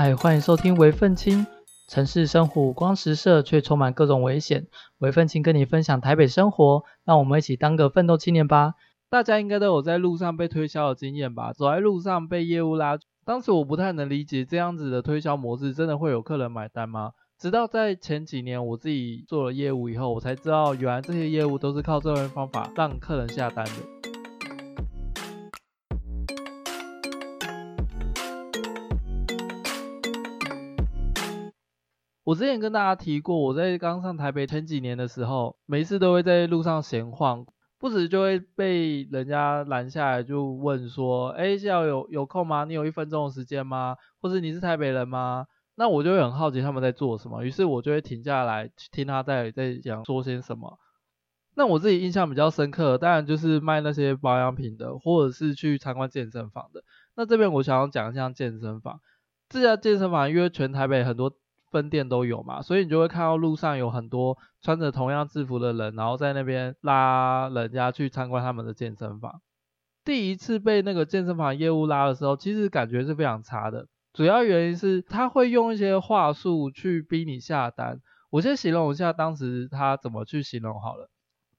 嗨，歡迎收聽《微奮青》。城市生活五光十色，卻充滿各種危險。微奮青跟你分享台北生活，讓我們一起當個奮鬥青年吧。大家應該都有在路上被推銷的經驗吧？走在路上被業務拉，當時我不太能理解這樣子的推銷模式，真的會有客人買單嗎？直到在前幾年我自己做了業務以後，我才知道，原來這些業務都是靠這種方法讓客人下單的。我之前跟大家提過，我在剛上台北前幾年的時候，每一次都會在路上閒晃，不時就會被人家攔下來，就問說：“哎，下午有有空嗎？你有一分鐘的時間嗎？或者你是台北人嗎？”那我就會很好奇他們在做什麼，於是我就會停下來聽他在在講說些什麼。那我自己印象比較深刻，當然就是賣那些保養品的，或者是去參觀健身房的。那這邊我想要講一下健身房，這家健身房因為全台北很多，分店都有嘛，所以你就會看到路上有很多穿着同樣制服的人，然後在那邊拉人家去參觀他們的健身房。第一次被那個健身房業務拉的時候，其實感覺是非常差的，主要原因是他會用一些話術去逼你下單。我先形容一下當時他怎麼去形容好了。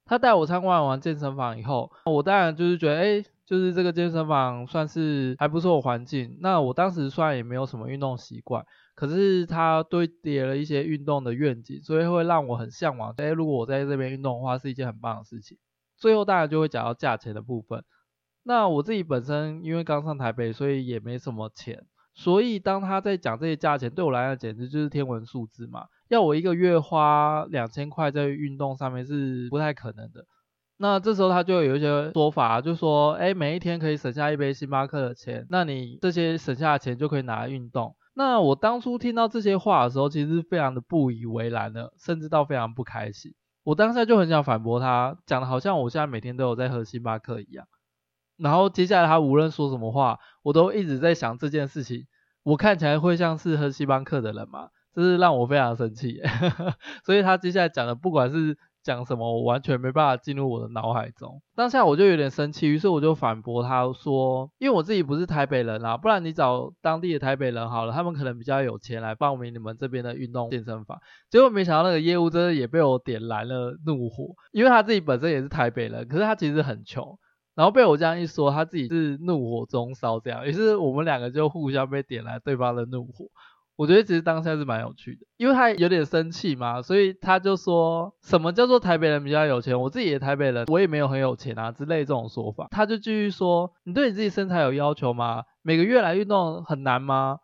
他帶我參觀完健身房以後，我當然就是覺得，哎，就是這個健身房算是還不錯的環境。那我當時雖然也沒有什麼運動習慣。可是它堆疊了一些運動的願景，所以會讓我很嚮往。誒、欸，如果我在這邊運動的話，是一件很棒的事情。最後當然就會講到價錢的部分。那我自己本身因為剛上台北，所以也沒什麼錢。所以當他在講這些價錢，對我來講簡直就是天文數字嘛。要我一個月花兩千塊在運動上面是不太可能的。那這時候他就有一些說法，就說：誒、欸，每一天可以省下一杯星巴克的錢，那你這些省下的錢就可以拿來運動。那我當初聽到這些話的時候，其實非常的不以為然的，甚至到非常不開心。我當下就很想反駁他，講的好像我現在每天都有在喝星巴克一樣。然後接下來他無論說什麼話，我都一直在想這件事情，我看起來會像是喝星巴克的人嗎？這是讓我非常的生氣、欸。 所以他接下來講的，不管是講什麼我完全沒辦法進入我的腦海中，當下我就有點生氣，於是我就反駁他說，因為我自己不是台北人啦，啊，不然你找當地的台北人好了，他們可能比較有錢來報名你們這邊的運動健身房。結果沒想到那個業務真的也被我點燃了怒火，因為他自己本身也是台北人，可是他其實很窮，然後被我這樣一說，他自己是怒火中燒這樣，於是我們兩個就互相被點燃對方的怒火。我覺得其實當下是蠻有趣的，因為他有點生氣嘛，所以他就說什麼叫做台北人比較有錢，我自己也台北人，我也沒有很有錢啊之類這種說法。他就繼續說，你對你自己身材有要求嗎？每個月來運動很難嗎？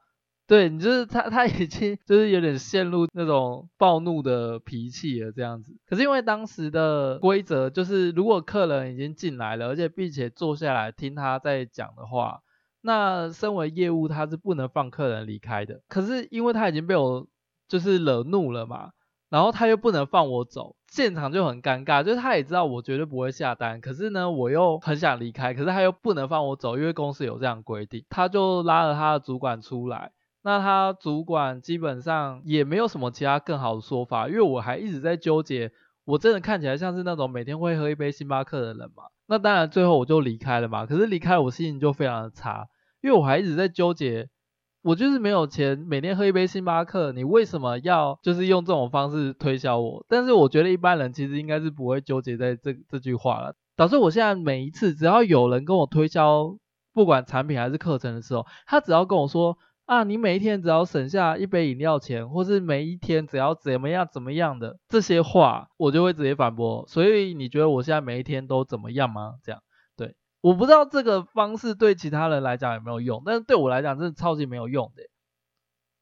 對你就是他他已經就是有點陷入那種暴怒的脾氣了這樣子。可是因為當時的規則就是，如果客人已經進來了，而且並且坐下來聽他在講的話。那身為業務，他是不能放客人離開的。可是因為他已經被我就是惹怒了嘛，然後他又不能放我走，現場就很尷尬。就是他也知道我絕對不會下單，可是呢，我又很想離開，可是他又不能放我走，因為公司有這樣規定。他就拉了他的主管出來，那他主管基本上也沒有什麼其他更好的說法，因為我還一直在糾結。我真的看起來像是那種每天會喝一杯星巴克的人嘛？那當然最後我就離開了嘛。可是離開我心情就非常的差。因為我還一直在糾結，我就是沒有錢，每天喝一杯星巴克，你為什麼要就是用這種方式推銷我？但是我覺得一般人其實應該是不會糾結在這這句話了，導致我現在每一次只要有人跟我推銷，不管產品還是課程的時候，他只要跟我說啊，你每一天只要省下一杯飲料錢，或是每一天只要怎麼樣怎麼樣的這些話，我就會直接反駁。所以你覺得我現在每一天都怎麼樣嗎？這樣。我不知道這個方式對其他人來講有沒有用，但是對我來講真的超級沒有用的。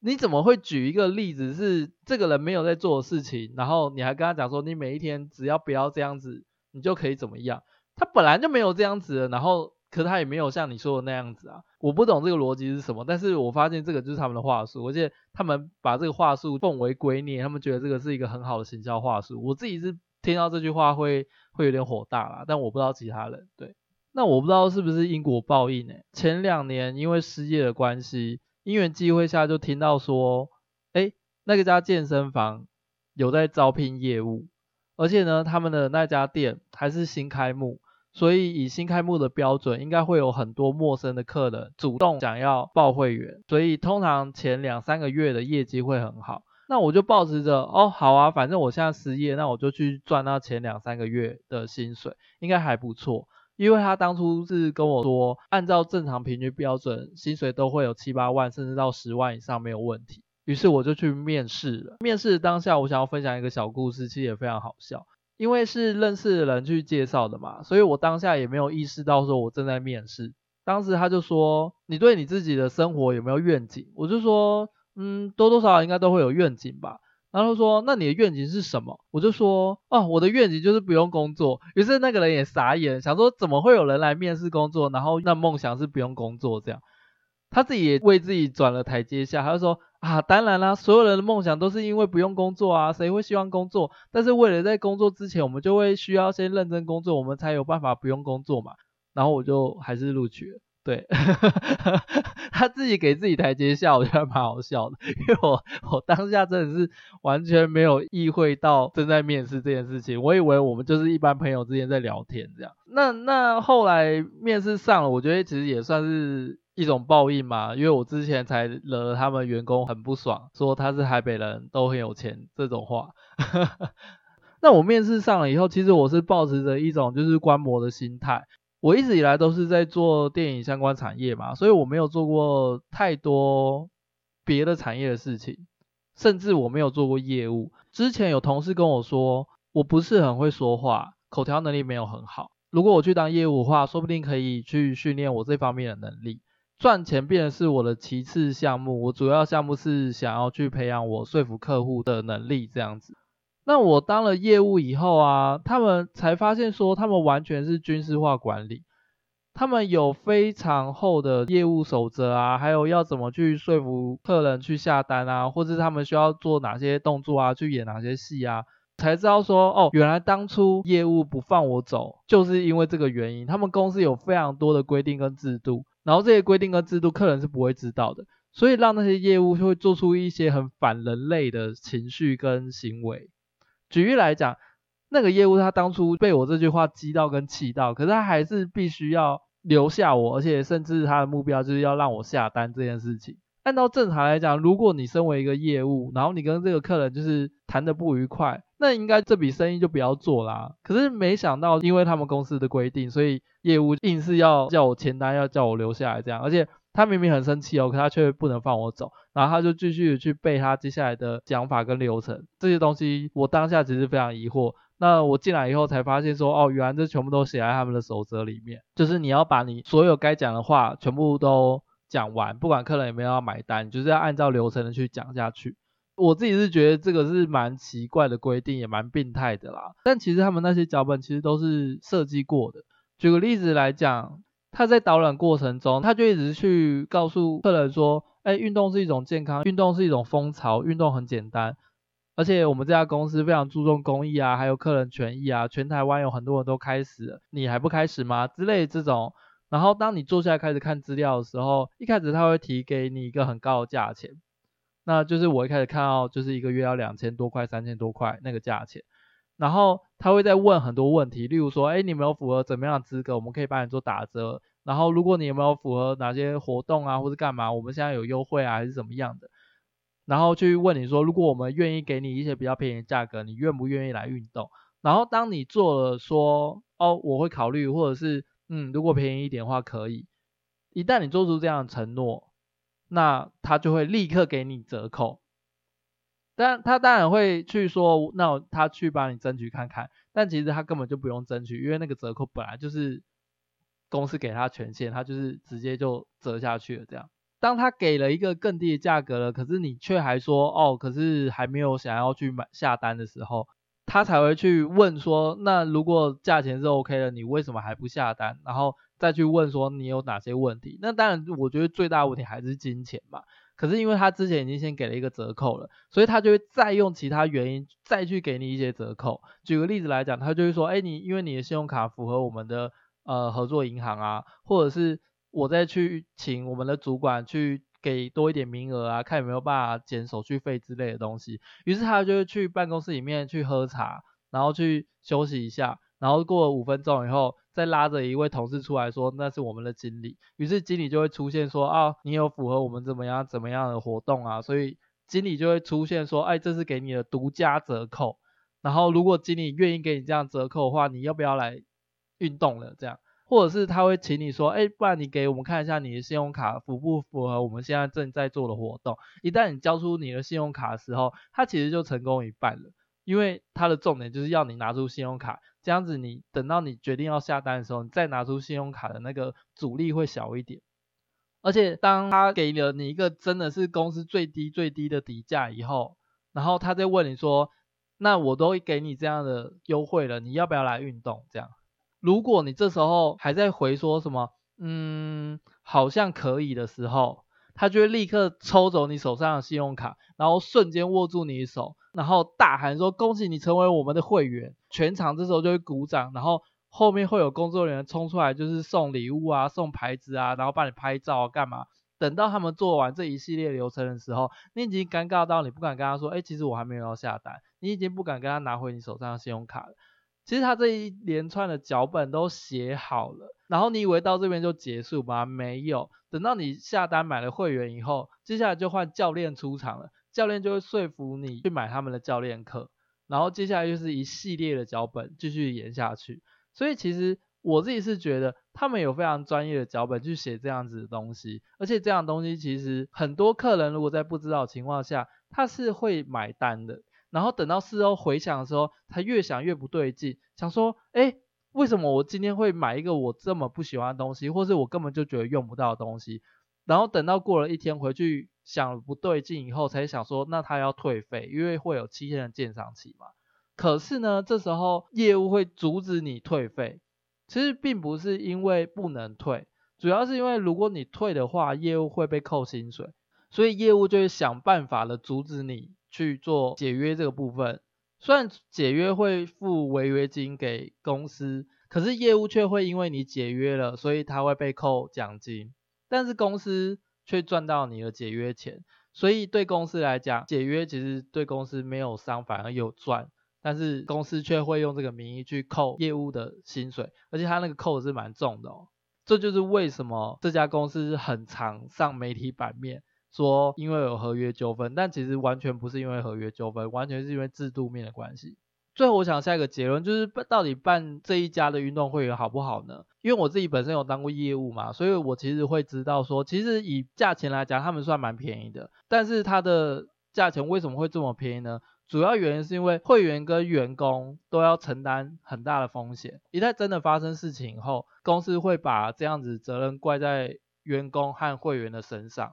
你怎麼會舉一個例子是這個人沒有在做的事情，然後你還跟他講說你每一天只要不要這樣子，你就可以怎麼樣？他本來就沒有這樣子的，然後可是他也沒有像你說的那樣子啊。我不懂這個邏輯是什麼，但是我發現這個就是他們的話術，而且他們把這個話術奉為圭臬，他們覺得這個是一個很好的行銷話術。我自己是聽到這句話會會有點火大啦，但我不知道其他人對。那我不知道是不是因果報應欸，前兩年因為失業的關係，因緣際會下就聽到說，誒，那個家健身房有在招聘業務，而且呢，他們的那家店還是新開幕，所以以新開幕的標準，應該會有很多陌生的客人主動想要報會員，所以通常前兩三個月的業績會很好。那我就抱持着哦，好啊，反正我現在失業，那我就去賺那前兩三個月的薪水，應該還不錯。因為他當初是跟我說，按照正常平均標準，薪水都會有七八萬，甚至到十萬以上沒有問題。於是我就去面試了。面試當下，我想要分享一個小故事，其實也非常好笑。因為是認識的人去介紹的嘛，所以我當下也沒有意識到說我正在面試。當時他就說：“你對你自己的生活有沒有願景？”我就說：“嗯，多多少少應該都會有願景吧。”然後說，那你的願景是什麼？我就說，哦、啊，我的願景就是不用工作。於是那個人也傻眼，想說怎麼會有人來面試工作？然後那夢想是不用工作這樣，他自己也為自己轉了台階下。他就說啊，當然啦，所有人的夢想都是因為不用工作啊，誰會希望工作？但是為了在工作之前，我們就會需要先認真工作，我們才有辦法不用工作嘛。然後我就還是錄取了。對， 他自己給自己台階下，我覺得還蠻好笑的。因為我我當下真的是完全沒有意會到正在面試這件事情，我以為我們就是一般朋友之間在聊天這樣。那那後來面試上了，我覺得其實也算是一種報應嘛，因為我之前才惹了他們員工很不爽，說他是台北人都很有錢這種話。 那我面試上了以後，其實我是抱持着一種就是觀摩的心態。我一直以來都是在做電影相關產業嘛，所以我沒有做過太多別的產業的事情，甚至我沒有做過業務。之前有同事跟我說，我不是很會說話，口條能力沒有很好。如果我去當業務的話，說不定可以去訓練我這方面的能力。賺錢變成是我的其次項目，我主要項目是想要去培養我說服客戶的能力這樣子。那我當了業務以後啊，他們才發現說，他們完全是軍事化管理，他們有非常厚的業務守則啊，還有要怎麼去說服客人去下單啊，或者他們需要做哪些動作啊，去演哪些戲啊，才知道說，哦，原來當初業務不放我走，就是因為這個原因。他們公司有非常多的規定跟制度，然後這些規定跟制度客人是不會知道的，所以讓那些業務就會做出一些很反人類的情緒跟行為。舉例來講，那個業務他當初被我這句話激到跟氣到，可是他還是必須要留下我，而且甚至他的目標就是要讓我下單這件事情。按照正常來講，如果你身為一個業務，然後你跟這個客人就是談得不愉快，那應該這筆生意就不要做啦。可是沒想到，因為他們公司的規定，所以業務硬是要叫我簽單，要叫我留下來這樣，而且。他明明很生氣哦，可他卻不能放我走。然後他就繼續去背他接下來的講法跟流程這些東西。我當下其實非常疑惑。那我進來以後才發現說，哦，原來這全部都寫在他們的守則裡面，就是你要把你所有該講的話全部都講完，不管客人有沒有要買單，你就是要按照流程的去講下去。我自己是覺得這個是蠻奇怪的規定，也蠻病態的啦。但其實他們那些腳本其實都是設計過的。舉個例子來講。他在導覽過程中，他就一直去告訴客人說：“哎、欸，運動是一種健康，運動是一種風潮，運動很簡單，而且我們這家公司非常注重公益啊，還有客人權益啊，全台灣有很多人都開始了，你還不開始嗎？”之類的這種。然後當你坐下來開始看資料的時候，一開始他會提給你一個很高的價錢，那就是我一開始看到就是一個月要兩千多塊、三千多塊那個價錢。然後他會再問很多問題，例如說，哎，你有沒有符合怎麼樣的資格，我們可以幫你做打折。然後如果你有沒有符合哪些活動啊，或者幹嘛，我們現在有優惠啊，還是怎麼樣的。然後去問你說，如果我們願意給你一些比較便宜的價格，你願不願意來運動？然後當你做了說，哦，我會考慮，或者是，嗯，如果便宜一點的話，可以。一旦你做出這樣的承諾，那他就會立刻給你折扣。但他當然會去說，那他去幫你爭取看看。但其實他根本就不用爭取，因為那個折扣本來就是公司給他權限，他就是直接就折下去了。這樣，當他給了一個更低的價格了，可是你卻還說，哦，可是還沒有想要去買下單的時候，他才會去問說，那如果價錢是 OK 的，你為什麼還不下單？然後再去問說你有哪些問題？那當然，我覺得最大的問題還是金錢吧。可是因為他之前已經先給了一個折扣了，所以他就會再用其他原因再去給你一些折扣。舉個例子來講，他就會說，哎，你，因為你的信用卡符合我們的，呃，合作銀行啊，或者是我再去請我們的主管去給多一點名額啊，看有沒有辦法減手續費之類的東西。於是他就會去辦公室裡面去喝茶，然後去休息一下，然後過了五分鐘以後。再拉着一位同事出來說，那是我們的經理，於是經理就會出現說，啊，你有符合我們怎麼樣怎麼樣的活動啊，所以經理就會出現說，哎，這是給你的獨家折扣，然後如果經理願意給你這樣折扣的話，你要不要來運動了這樣，或者是他會請你說，哎，不然你給我們看一下你的信用卡符不符合我們現在正在做的活動，一旦你交出你的信用卡的時候，他其實就成功一半了。因為他的重點就是要你拿出信用卡，這樣子你等到你決定要下單的時候，你再拿出信用卡的那個阻力會小一點。而且當他給了你一個真的是公司最低最低的底價以後，然後他再問你說：“那我都給你這樣的優惠了，你要不要來運動？”這樣，如果你這時候還在回說什麼“嗯，好像可以”的時候，他就會立刻抽走你手上的信用卡，然後瞬間握住你的手。然後大喊說：“恭喜你成為我們的會員！”全場這時候就會鼓掌，然後後面會有工作人員衝出來，就是送禮物啊、送牌子啊，然後幫你拍照啊，幹嘛？等到他們做完這一系列流程的時候，你已經尷尬到你不敢跟他說：“哎，其實我還沒有要下單。”你已經不敢跟他拿回你手上的信用卡了。其實他這一連串的腳本都寫好了，然後你以為到這邊就結束嗎？沒有，等到你下單買了會員以後，接下來就換教練出場了。教練就會說服你去買他們的教練課，然後接下來就是一系列的腳本繼續演下去。所以其實我自己是覺得他們有非常專業的腳本去寫這樣子的東西，而且這樣東西其實很多客人如果在不知道情況下，他是會買單的。然後等到事後回想的時候，他越想越不對勁，想說：誒，為什麼我今天會買一個我這麼不喜歡的東西，或是我根本就覺得用不到的東西？然後等到過了一天回去想了不對勁以後才想說那他要退費，因為會有七天的鑑賞期嘛。可是呢，這時候業務會阻止你退費，其實並不是因為不能退，主要是因為如果你退的話，業務會被扣薪水，所以業務就會想辦法的阻止你去做解約這個部分。雖然解約會付違約金給公司，可是業務卻會因為你解約了，所以他會被扣獎金。但是公司卻賺到你的解約錢，所以對公司來講，解約其實對公司沒有傷，反而有賺。但是公司卻會用這個名義去扣業務的薪水，而且他那個扣是蠻重的哦。這就是為什麼這家公司很常上媒體版面，說因為有合約糾紛，但其實完全不是因為合約糾紛，完全是因為制度面的關係。最後我想下一個結論，就是到底辦這一家的運動會員好不好呢？因為我自己本身有當過業務嘛，所以我其實會知道說，其實以價錢來講，他們算蠻便宜的。但是它的價錢為什麼會這麼便宜呢？主要原因是因為會員跟員工都要承擔很大的風險，一旦真的發生事情以後，公司會把這樣子責任怪在員工和會員的身上。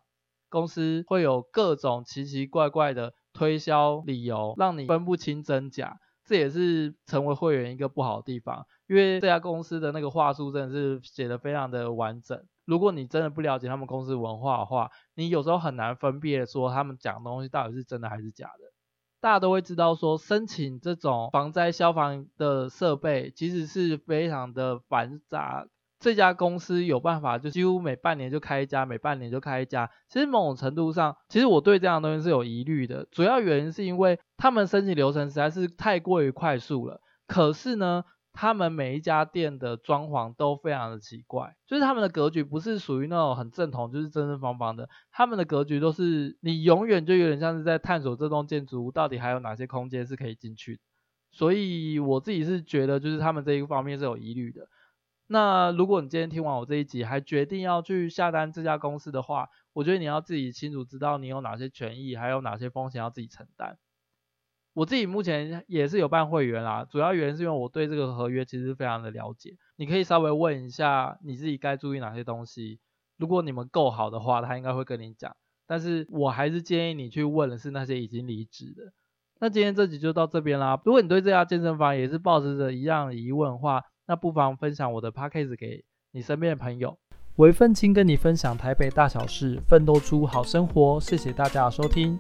公司會有各種奇奇怪怪的推銷理由，讓你分不清真假。這也是成為會員一個不好的地方，因為這家公司的那個話術真的是寫的非常的完整。如果你真的不了解他們公司文化的話，你有時候很難分辨說他們講的東西到底是真的還是假的。大家都會知道說申請這種防災消防的設備其實是非常的繁雜。這家公司有辦法，就幾乎每半年就開一家，每半年就開一家。其實某種程度上，其實我對這樣的東西是有疑慮的。主要原因是因為他們申請流程實在是太過於快速了。可是呢，他們每一家店的裝潢都非常的奇怪，就是他們的格局不是屬於那種很正統，就是正正方方的。他們的格局都是，你永遠就有點像是在探索這棟建築物到底還有哪些空間是可以進去的。所以我自己是覺得，就是他們這一方面是有疑慮的。那如果你今天聽完我這一集，還決定要去下單這家公司的話，我覺得你要自己清楚知道你有哪些權益，還有哪些風險要自己承擔。我自己目前也是有辦會員啦，主要原因是因為我對這個合約其實非常的了解。你可以稍微問一下你自己該注意哪些東西，如果你們夠好的話，他應該會跟你講。但是我還是建議你去問的是那些已經離職的。那今天這集就到這邊啦，如果你對這家健身房也是抱持着着一樣的疑問的話，那不妨分享我的 podcast 給你身邊的朋友，微奮青跟你分享台北大小事，奮鬥出好生活。謝謝大家的收聽。